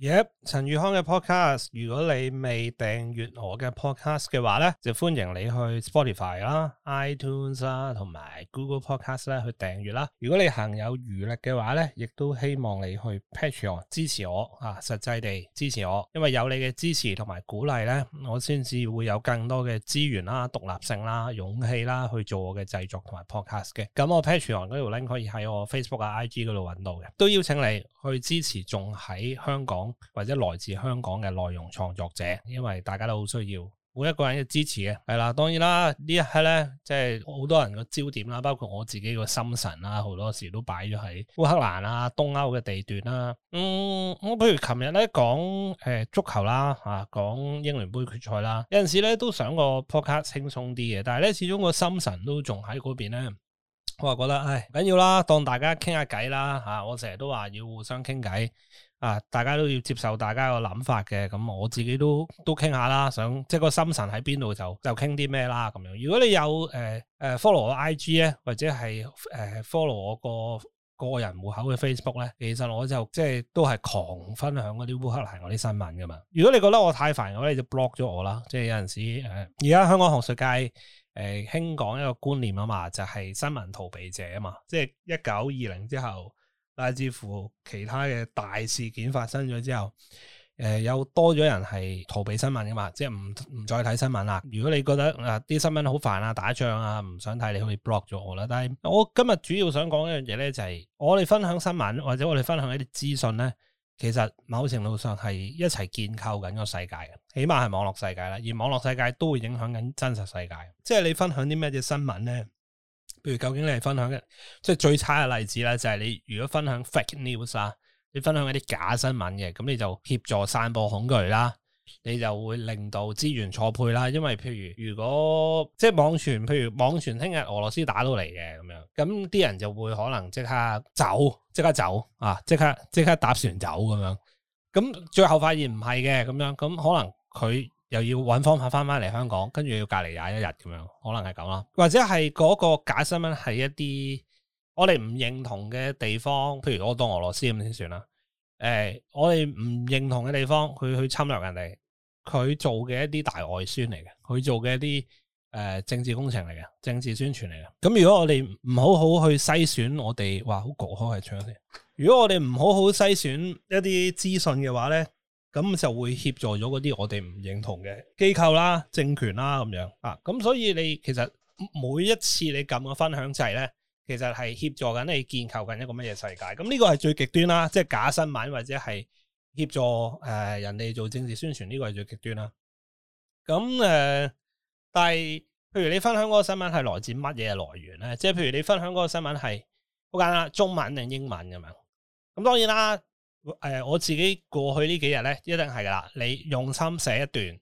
Yep，陳宇康嘅 podcast，如果你未訂閱我嘅 podcast 嘅話呢，就歡迎你去 Spotify 啦、啊、iTunes 啦同埋 Google Podcast、啊、去訂閱啦、啊。如果你行有餘力嘅話呢，亦都希望你去 Patreon 支持我啊，實際地支持我，因為有你嘅支持同埋鼓勵呢，我先至會有更多嘅資源啦、獨立性啦、勇氣啦去做我嘅製作同埋 podcast 嘅。咁我 Patreon 嗰條 link 可以喺我 Facebook 啊、IG 嗰度搵到嘅，都邀請你去支持。仲喺香港，或者來自香港嘅內容創作者，因為大家都好需要，每一個人嘅支持嘅係啦。當然啦，呢一刻咧，即係好多人嘅焦點啦，包括我自己個心神啦，好多時都擺咗喺烏克蘭啦、東歐嘅地段啦。嗯，我譬如琴日咧講誒足球啦，啊講英聯杯決賽啦，有陣時咧都想個 podcast 輕鬆啲嘅，但係咧始終個心神都仲喺嗰邊咧。我話覺得唉，緊要啦，當大家傾下偈啦，吓、啊、我成日都話要互相傾偈。啊！大家都要接受大家個諗法嘅，咁、嗯、我自己都都傾下啦，想即係個心神喺邊度就就傾啲咩啦咁樣。如果你有誒誒、呃呃、follow 我 IG 咧，或者係誒、呃、follow 我個個人戶口嘅 Facebook 咧，其實我就即係都係狂分享嗰啲烏克蘭嗰啲新聞噶嘛。如果你覺得我太煩嘅話，你就 block 咗我啦。即係有陣時誒，而、呃、家香港學術界誒興、呃、講一個觀念啊嘛，就係、是、新聞逃避者啊嘛。即係一九二零之後。但似乎其他嘅大事件發生咗之後，呃、有多咗人係逃避新聞噶嘛？即係唔唔再睇新聞啦。如果你覺得啊啲、呃、新聞好煩啊，打仗啊，唔想睇，你可以 block 咗我啦。但係我今日主要想講一樣嘢咧，就係、是、我哋分享新聞或者我哋分享一啲資訊呢，其實某程度上係一齊建構緊個世界嘅，起碼係網絡世界啦。而網絡世界都會影響緊真實世界。即係你分享啲咩嘅新聞呢？譬如，究竟你係分享嘅，即係最差嘅例子啦，就係你如果分享 fake news 啊，你分享一啲假新聞嘅，咁你就協助散播恐懼啦，你就會令到資源錯配啦。因為譬如如果即係網傳，譬如網傳聽日俄羅斯打到嚟嘅咁樣，咁啲人就會可能即刻走，即刻走啊，即刻即刻搭船走咁樣，咁最後發現唔係嘅咁樣，咁可能佢。又要揾方法翻返嚟香港，跟住要隔離廿一日咁樣，可能係咁啦，或者係嗰個假新聞係一啲我哋唔認同嘅地方，譬如我當俄羅斯咁先算啦。誒、哎，我哋唔認同嘅地方，佢去侵略人哋，佢做嘅一啲大外宣嚟嘅，佢做嘅一啲誒、呃、政治工程嚟嘅，政治宣傳嚟嘅。咁如果我哋唔好好去篩選我哋，哇，好焗開係搶先。如果我哋唔好好篩選一啲資訊嘅話咧，咁就會協助咗嗰啲我哋唔認同嘅機構啦、政權啦咁樣啊，咁所以你其實每一次你撳嘅分享掣咧，其實係協助緊你建構緊一個乜嘢世界？咁、嗯、呢、這個係最極端啦，即係假新聞或者係協助誒、呃、人哋做政治宣傳呢、這個係最極端啦。咁、嗯、誒、呃，但係譬如你分享嗰個新聞係來自乜嘢嘅來源咧？即係譬如你分享嗰個新聞係好簡單，中文定英文咁樣？咁當然啦。誒、呃、我自己過去呢幾日呢，一定係㗎喇。你用心寫一段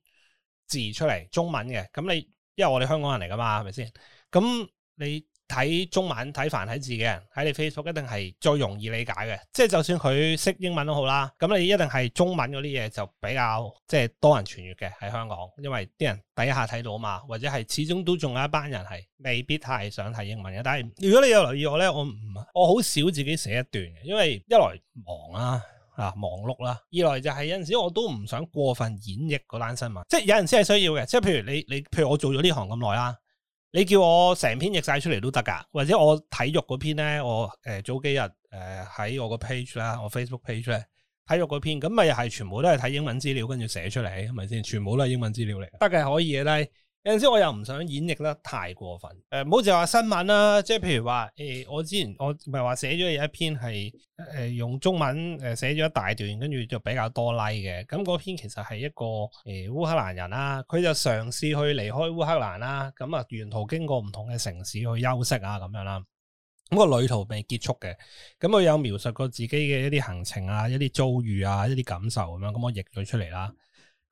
字出嚟，中文嘅。咁你因為我哋香港人嚟㗎嘛，係咪先？咁你。睇中文睇繁體字嘅人喺你 Facebook 一定係最容易理解嘅，即係就算佢識英文都好啦。咁你一定係中文嗰啲嘢就比較即係多人傳閱嘅喺香港，因為啲人第一下睇到嘛，或者係始終都仲有一班人係未必太係想睇英文嘅。但係如果你有留意我咧，我唔我好少自己寫一段嘅，因為一來忙啦啊，啊忙碌啦、啊，二來就係有陣時我都唔想過分演繹嗰單新聞，即係有陣時係需要嘅，即係譬如你你譬如我做咗呢行咁耐啦。你叫我成篇譯晒出嚟都得噶，或者我體育嗰篇咧，我誒、呃、早幾日誒喺我個 page 啦，我 Facebook page 咧體育嗰篇，咁咪又係全部都係睇英文資料，跟住寫出嚟係咪先？全部都係英文資料嚟，得嘅、嗯、可以嘅咧。有陣時我又唔想演繹得太過分，誒，唔好就話新聞啦，即係譬如話，誒，我之前我唔係話寫咗有一篇係，誒，用中文誒寫咗一大段，跟住就比較多 like 嘅，咁嗰篇其實係一個誒烏克蘭人啦，佢就嘗試去離開烏克蘭啦，咁啊，沿途經過唔同嘅城市去休息啊，咁樣啦，咁個旅途未結束嘅，咁佢有描述過自己嘅一啲行程啊，一啲遭遇啊，一啲感受咁樣，咁我譯咗出嚟啦。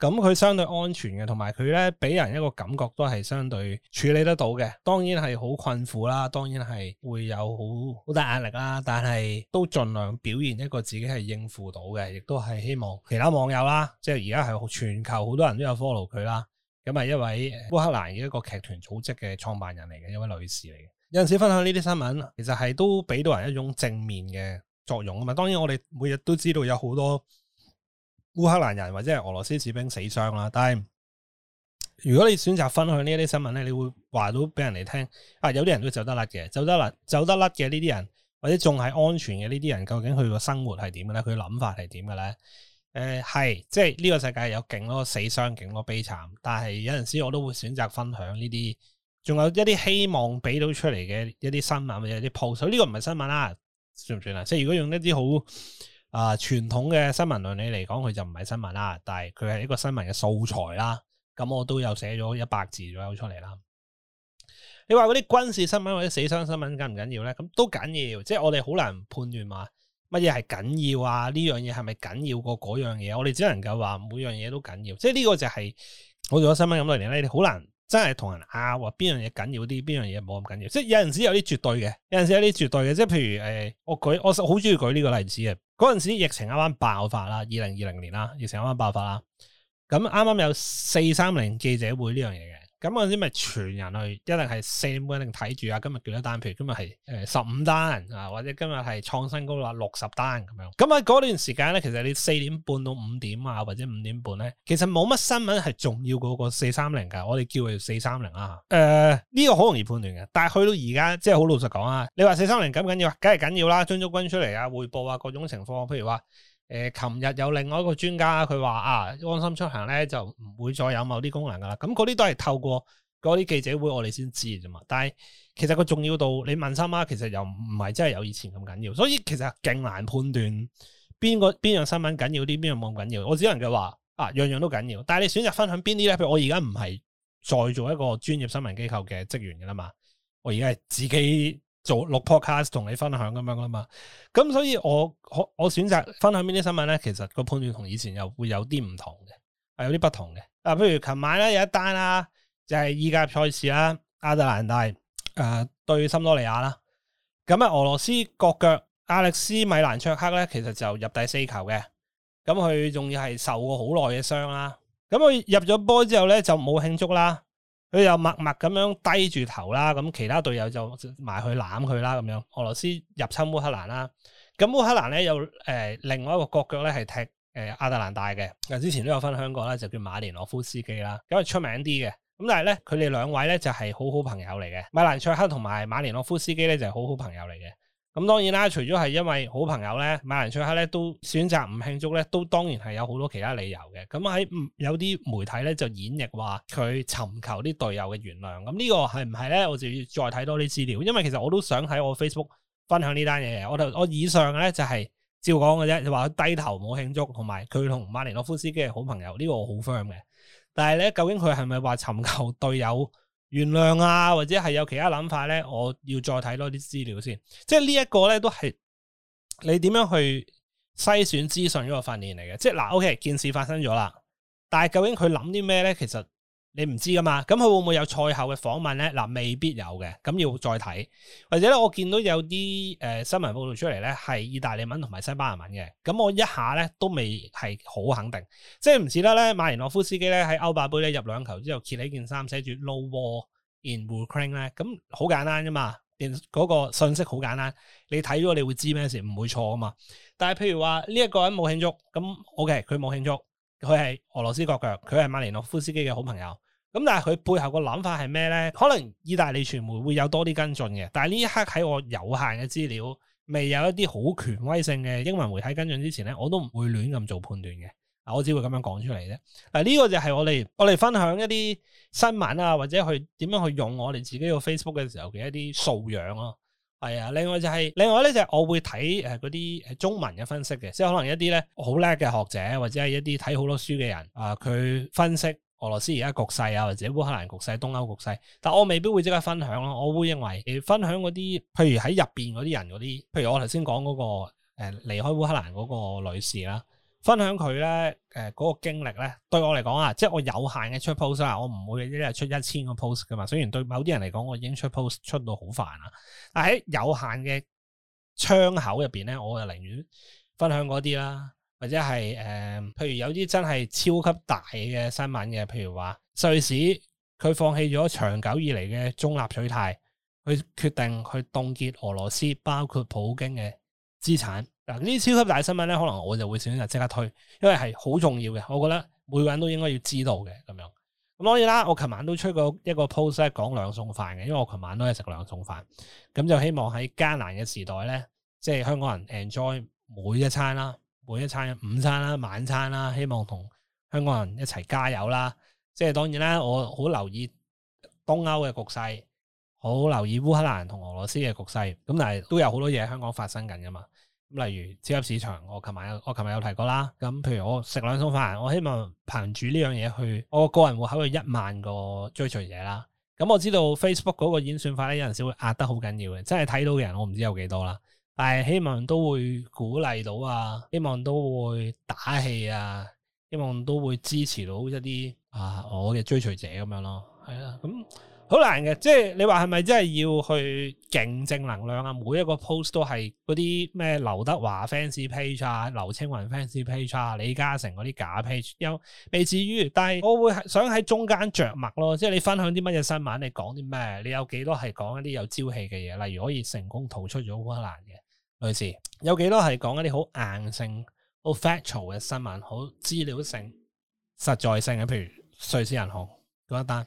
咁佢相對安全嘅，同埋佢咧俾人一個感覺都係相對處理得到嘅。當然係好困苦啦，當然係會有好好大壓力啦。但係都盡量表現一個自己係應付到嘅，亦都係希望其他網友啦，即係而家係全球好多人都有 follow 佢啦。咁係一位烏克蘭嘅一個劇團組織嘅創辦人嚟嘅，一位女士嚟嘅。有陣時分享呢啲新聞，其實係都俾到人一種正面嘅作用啊嘛。當然我哋每日都知道有好多。烏克蘭人或者係俄羅斯士兵死傷啦，但係如果你選擇分享呢一啲新聞咧，你會話到俾人哋聽啊，有啲人都走得甩嘅，走得甩，走得甩嘅呢啲人，或者仲係安全嘅呢啲人，究竟佢個生活係點嘅咧？佢諗法係點嘅咧？誒、呃，係即係呢個世界有勁多，死傷勁多，悲慘。但係有陣時我都會選擇分享呢啲，仲有一啲希望俾到出嚟嘅一啲新聞或者啲 post，呢、啊這個唔係新聞啦、啊，算唔算啊？即係如果用一啲好。啊，傳統嘅新聞論理嚟講，佢就唔係新聞啦，但係佢係一個新聞嘅素材啦。咁我都有寫咗一百字左右出嚟啦。你話嗰啲軍事新聞或者死傷新聞緊唔緊要咧？咁都緊要，即係我哋好難判斷話乜嘢係緊要啊？呢樣嘢係咪緊要過嗰樣嘢？我哋只能夠話每樣嘢都緊要。即係呢個就係、是、我做咗新聞咁多年咧，你好難真係同人拗話邊樣嘢緊要啲，邊樣嘢冇咁緊要。即係有陣時有啲絕對嘅，有陣時有啲絕對嘅。即係譬如誒、呃，我舉我好中意舉呢個例子嘅。嗰陣時疫情啱啱爆發喇，二零二零年喇，疫情啱啱爆發喇，咁啱啱有四三零記者會呢樣嘢嘅。咁嗰陣時咪全人去，一定係四點半，一定睇住啊！今日叫一單，譬如今日係誒十五單，單啊，或者今日係創新高啦，六十單咁樣。咁啊嗰段時間咧，其實你四點半到五點啊，或者五點半咧，其實冇乜新聞係重要過個四三零噶。我哋叫佢四三零啊。誒、呃，呢、這個好容易判斷嘅。但係去到而家，即係好老實講啊，你話四三零緊唔緊要啊？梗係緊要啦，張竹君出嚟啊，匯報啊，各種情況，譬如話。誒，琴日有另外一個專家佢話啊，安心出行咧就唔會再有某啲功能噶啦，咁嗰啲都係透過嗰啲記者會我哋先知咋嘛。但係其實個重要度，你問心啊，其實又唔係真係有以前咁緊要，所以其實勁難判斷邊個邊樣新聞緊要啲，邊樣冇咁緊要。我只能夠話啊，樣樣都緊要，但係你選擇分享邊啲咧？譬如我而家唔係再做一個專業新聞機構嘅職員噶啦嘛，我而家係自己。做六 podcast 同你分享咁樣噶嘛咁所以我我我選擇分享邊啲新聞咧，其實個判斷同以前又會有啲唔同嘅，係有啲不同嘅。啊，譬如琴晚咧有一單啦，啊，就係意甲賽事啦，亞特蘭大誒、呃、對森多利亞啦，啊，咁啊俄羅斯國腳阿歷斯米蘭卓克咧，其實就入第四球嘅，咁佢仲要係受過好耐嘅傷啦，咁佢入咗波之後咧就冇慶祝啦。佢又默默咁樣低住頭啦，咁其他隊友就埋去攬佢啦，咁樣俄羅斯入侵烏克蘭啦，咁烏克蘭呢，有、呃、另外一個國腳咧係踢誒、呃、亞特蘭大嘅，之前都有分享過啦，就叫馬連洛夫斯基啦，咁係出名啲嘅，咁但係呢，佢哋兩位呢就係、是、好好朋友嚟嘅，米蘭卓克同埋馬連洛夫斯基咧就係好好朋友嚟嘅。咁當然啦，除咗係因為好朋友咧，馬蘭出克咧都選擇唔慶祝咧，都當然係有好多其他理由嘅。咁喺有啲媒體咧就演繹話佢尋求啲隊友嘅原諒。咁呢個係唔係咧？我就要再睇多啲資料，因為其實我都想喺我 Facebook 分享呢單嘢嘅。我我以上咧就係照講嘅啫，你話佢低頭冇慶祝，同埋佢同馬尼洛夫斯基係好朋友，呢個我好 friend 嘅。但係咧，究竟佢係咪話尋求隊友，原諒啊，或者係有其他諗法咧，我要再睇多啲資料先。即係呢一個咧，都係你點樣去篩選資訊嗰個訓練嚟嘅。即係嗱，OK，件事發生咗啦，但係究竟佢諗啲咩咧？其實你唔知噶嘛。咁佢會唔會有賽後嘅訪問咧？嗱、啊，未必有嘅。咁要再睇，或者咧，我見到有啲誒、呃、新聞報道出嚟咧，係意大利文同埋西班牙文嘅。咁我一下咧都未係好肯定，即係唔似得咧。馬連洛夫斯基咧喺歐霸杯咧入兩球之後揭起件衫，寫住 No war。In Ukraine 咧，咁好簡單啫嘛，連、那、嗰個信息好簡單，你睇咗你會知咩事，唔會錯噶嘛。但係譬如話呢一個人冇慶祝，咁 OK，佢冇慶祝，佢係俄羅斯國腳，佢係馬利諾夫斯基嘅好朋友。咁但係佢背後個諗法係咩咧？可能意大利傳媒會有多啲跟進嘅。但係呢一刻喺我有限嘅資料，未有一啲好權威性嘅英文媒體跟進之前咧，我都唔會亂咁做判斷嘅。嗱，我只會咁樣講出嚟咧。嗱、啊，呢、這個就係我哋我哋分享一啲新聞啊，或者去點樣去用我哋自己個 Facebook 嘅時候嘅一啲素養咯、啊。係啊，另外就係、是、另外呢就係我會睇誒嗰啲中文嘅分析嘅，即係可能一啲咧好叻嘅學者或者係一啲睇好多書嘅人啊，佢分析俄羅斯而家局勢啊，或者烏克蘭局勢、東歐局勢。但我未必會即刻分享咯。我會認為，而、呃、分享嗰啲，譬如喺入邊嗰啲人嗰啲，譬如我頭先講嗰個誒、呃、離開烏克蘭嗰個女士啦。分享佢咧，誒、呃、嗰、嗰個經歷咧，對我嚟講啊，即係我有限嘅出 post 啦，我唔會一日出一千個 post 㗎嘛。雖然對某啲人嚟講，我已經出 post 出到好煩啊。但喺有限嘅窗口入面咧，我就寧願分享嗰啲啦，或者係誒、呃，譬如有啲真係超級大嘅新聞嘅，譬如話瑞士佢放棄咗長久以嚟嘅中立取態，去決定去凍結俄羅斯包括普京嘅資產。呢超級大新聞咧，可能我就會選擇即刻推，因為係好重要嘅。我覺得每個人都應該要知道嘅咁樣。咁當然啦，我琴晚都出過一個 post 咧，講兩餸飯嘅，因為我琴晚都係食兩餸飯。咁就希望喺艱難嘅時代咧，即係香港人 enjoy 每一餐啦，每一餐午餐啦、晚餐啦，希望同香港人一齊加油啦。即係當然啦，我好留意東歐嘅局勢，好留意烏克蘭同俄羅斯嘅局勢。咁但係都有好多嘢喺香港發生緊噶嘛。例如超級市場，我琴日有我琴日有提過啦。咁譬如我食兩餸飯，我希望憑住呢樣嘢去我個人戶口嘅一萬個追隨者啦。咁我知道 Facebook 嗰個演算法咧，有陣時會壓得好緊要嘅，真係睇到嘅人我唔知有幾多啦。但係希望都會鼓勵到啊，希望都會打氣啊，希望都會支持到一啲啊，我嘅追隨者咁樣咯。係啊，咁。好難嘅，即係你話係咪真係要去勁正能量啊？每一個 post 都係嗰啲咩劉德華 fans page 啊、劉青雲 fans page 啊、李嘉誠嗰啲假 page，又未至於。但係我會想喺中間着墨咯，即係你分享啲乜嘢新聞，你講啲咩，你有幾多係講一啲有朝氣嘅嘢，例如可以成功逃出咗烏克蘭嘅女士，有幾多係講一啲好硬性好 factual 嘅新聞，好資料性、實在性嘅，譬如瑞士銀行嗰一單。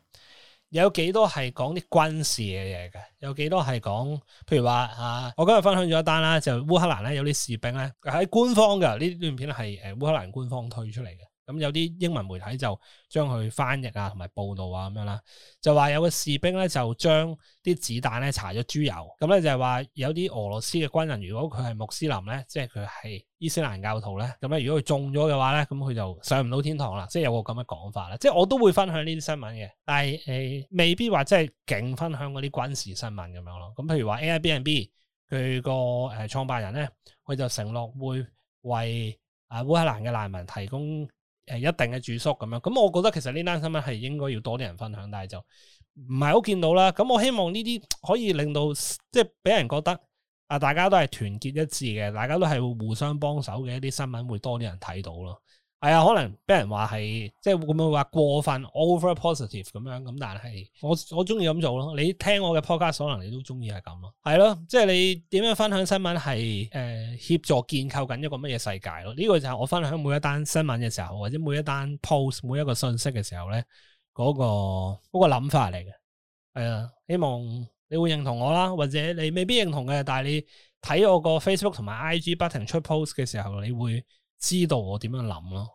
有幾多係講啲軍事嘅嘢嘅？有幾多係講，譬如話，我今日分享咗一單啦，就烏克蘭咧有啲士兵咧喺官方嘅，呢段片係誒烏克蘭官方推出嚟嘅。有啲英文媒體就將佢翻譯啊，同埋報道啊咁樣啦，就話有個士兵咧就將啲子彈咧搽咗豬油，咁咧就係話有啲俄羅斯嘅軍人，如果佢係穆斯林咧，即係佢係伊斯蘭教徒咧，咁咧如果佢中咗嘅話咧，咁佢就上唔到天堂啦，即係有個咁嘅講法啦。即係我都會分享呢啲新聞嘅，但係誒未必話即係勁分享嗰啲軍事新聞咁樣咯。咁譬如話 Airbnb 佢個誒創辦人咧，佢就承諾會為啊烏克蘭嘅難民提供。誒，一定嘅住宿咁樣，咁、嗯、我覺得其實呢單新聞係應該要多啲人分享，但係就唔係好見到啦。咁、嗯、我希望呢啲可以令到即係俾人覺得啊，大家都係團結一致嘅，大家都係會互相幫手嘅一啲新聞，會多啲人睇到咯。係啊、哎，可能俾人話係，即係會唔會話過分 over positive 咁樣咁？但係我我中意咁做咯。你聽我嘅 podcast，可能你都中意係咁咯。係咯，即係你點樣分享新聞係誒協助建構緊一個乜嘢世界咯？呢、這個就係我分享每一單新聞嘅時候，或者每一單 post 每一個信息嘅時候咧，嗰、那個嗰、那個諗法嚟嘅。係啊，希望你會認同我啦，或者你未必認同嘅，但係你睇我個 Facebook 同埋 IG 不停出 post 嘅時候，你會知道我點樣諗咯。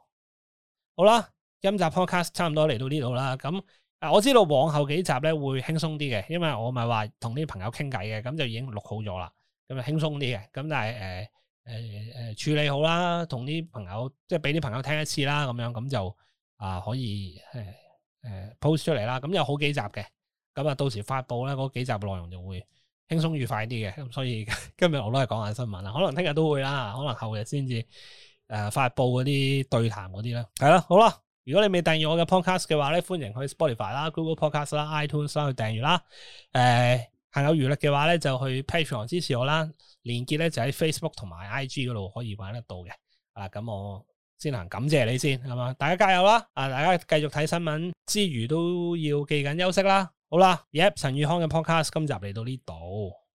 好啦，今集 podcast 差唔多嚟到呢度啦。咁啊，我知道往後幾集咧會輕鬆啲嘅，因為我咪話同啲朋友傾偈嘅，咁就已經錄好咗啦，咁就輕鬆啲嘅。咁但係誒誒誒處理好啦，同啲朋友即係俾啲朋友聽一次啦，咁樣咁就啊、呃、可以誒誒、呃呃、post 出嚟啦。咁有好幾集嘅，咁啊到時發布咧嗰幾集內容就會輕鬆愉快啲嘅。咁所以今日我都係講下新聞啦，可能聽日都會啦，可能後日先至。誒、呃、發佈嗰啲對談嗰啲咧，係啦，好啦，如果你未訂閱我嘅 podcast 嘅話咧，歡迎去 Spotify 啦、Google Podcast 啦、iTunes 啦去訂閱啦。誒，行有餘力嘅話咧，就去 Patreon 支持我啦。連結咧就喺 Facebook 同埋 IG 嗰度可以揾得到嘅。啊，咁我先行感謝你先，係嘛？大家加油啦！啊，大家繼續睇新聞之餘都要記緊休息啦。好啦，p、yeah, 陳宇康嘅 podcast 今集嚟到呢度。